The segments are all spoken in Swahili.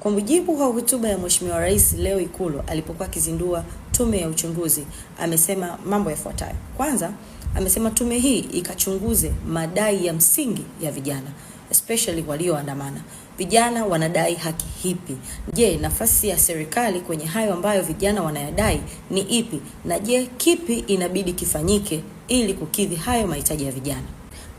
Kwa mujibu wa hotuba ya Mheshimiwa Rais leo Ikulu alipokuwa akizindua tume ya uchunguzi, amesema mambo yafuatayo. Kwanza, amesema tume hii ikachunguze madai ya msingi ya vijana especially walioandamana. Vijana wanadai haki hipi Je, nafasi ya serikali kwenye hayo ambayo vijana wanayadai ni ipi? Na je, kipi inabidi kifanyike ili kukidhi hayo mahitaji ya vijana?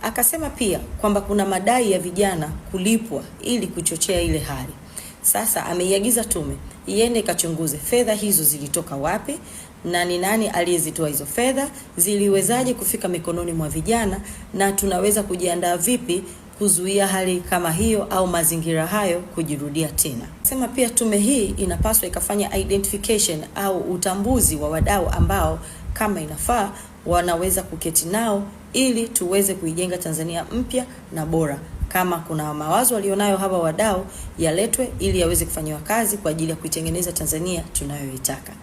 Akasema pia kwamba kuna madai ya vijana kulipwa ili kuchochea ile hali. Sasa ameiagiza tume iende ikachunguze fedha hizo zilitoka wapi na ni nani aliyezitoa hizo fedha, ziliwezaje kufika mikononi mwa vijana, na tunaweza kujiandaa vipi kuzuia hali kama hiyo au mazingira hayo kujirudia tena. Sema pia tume hii inapaswa ikafanya identification au utambuzi wa wadau ambao kama inafaa wanaweza kuketi nao ili tuweze kuijenga Tanzania mpya na bora kama kuna mawazo walionayo hawa wadau yaletwe ili yaweze kufanyiwa kazi kwa ajili ya kuitengeneza Tanzania tunayoitaka.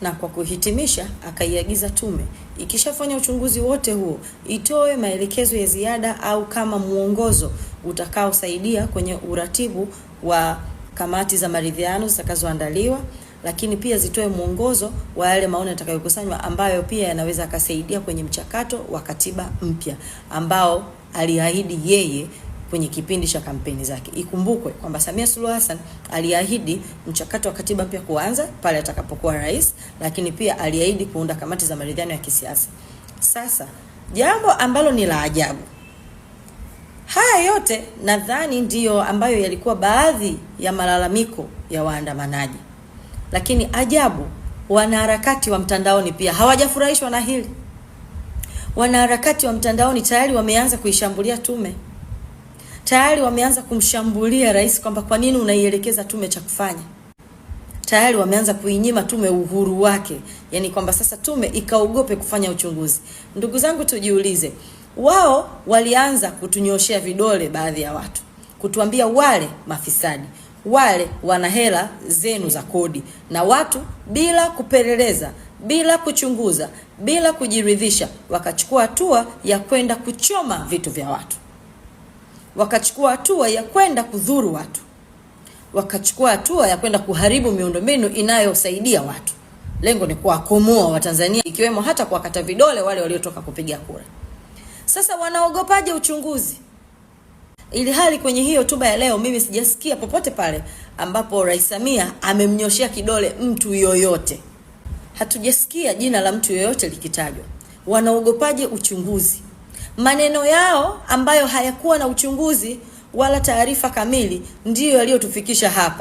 Na kwa kuhitimisha, akaiagiza tume ikishafanya uchunguzi wote huo itoe maelekezo ya ziada au kama mwongozo utakaosaidia kwenye uratibu wa kamati za maridhiano zitakazoandaliwa, lakini pia zitoe mwongozo wa yale maoni yatakayokusanywa ambayo pia yanaweza akasaidia kwenye mchakato wa katiba mpya ambao aliahidi yeye kwenye kipindi cha kampeni zake. Ikumbukwe kwamba Samia Suluhu Hassan aliahidi mchakato wa katiba mpya kuanza pale atakapokuwa rais, lakini pia aliahidi kuunda kamati za maridhiano ya kisiasa. Sasa jambo ambalo ni la ajabu, haya yote nadhani ndiyo ambayo yalikuwa baadhi ya malalamiko ya waandamanaji, lakini ajabu, wanaharakati wa mtandaoni pia hawajafurahishwa na hili. Wanaharakati wa mtandaoni tayari wameanza kuishambulia tume tayari wameanza kumshambulia rais kwamba kwa nini unaielekeza tume cha kufanya. Tayari wameanza kuinyima tume uhuru wake, yani kwamba sasa tume ikaogope kufanya uchunguzi. Ndugu zangu, tujiulize, wao walianza kutunyoshea vidole baadhi ya watu, kutuambia wale mafisadi wale wana hela zenu za kodi, na watu bila kupeleleza, bila kuchunguza, bila kujiridhisha, wakachukua hatua ya kwenda kuchoma vitu vya watu wakachukua hatua ya kwenda kudhuru watu, wakachukua hatua ya kwenda kuharibu miundombinu inayosaidia watu. Lengo ni kuwakomoa Watanzania, ikiwemo hata kuwakata vidole wale waliotoka kupiga kura. Sasa wanaogopaje uchunguzi? Ili hali kwenye hii hotuba ya leo mimi sijasikia popote pale ambapo Rais Samia amemnyoshea kidole mtu yoyote. Hatujasikia jina la mtu yoyote likitajwa. Wanaogopaje uchunguzi? Maneno yao ambayo hayakuwa na uchunguzi wala taarifa kamili ndiyo yaliyotufikisha hapa.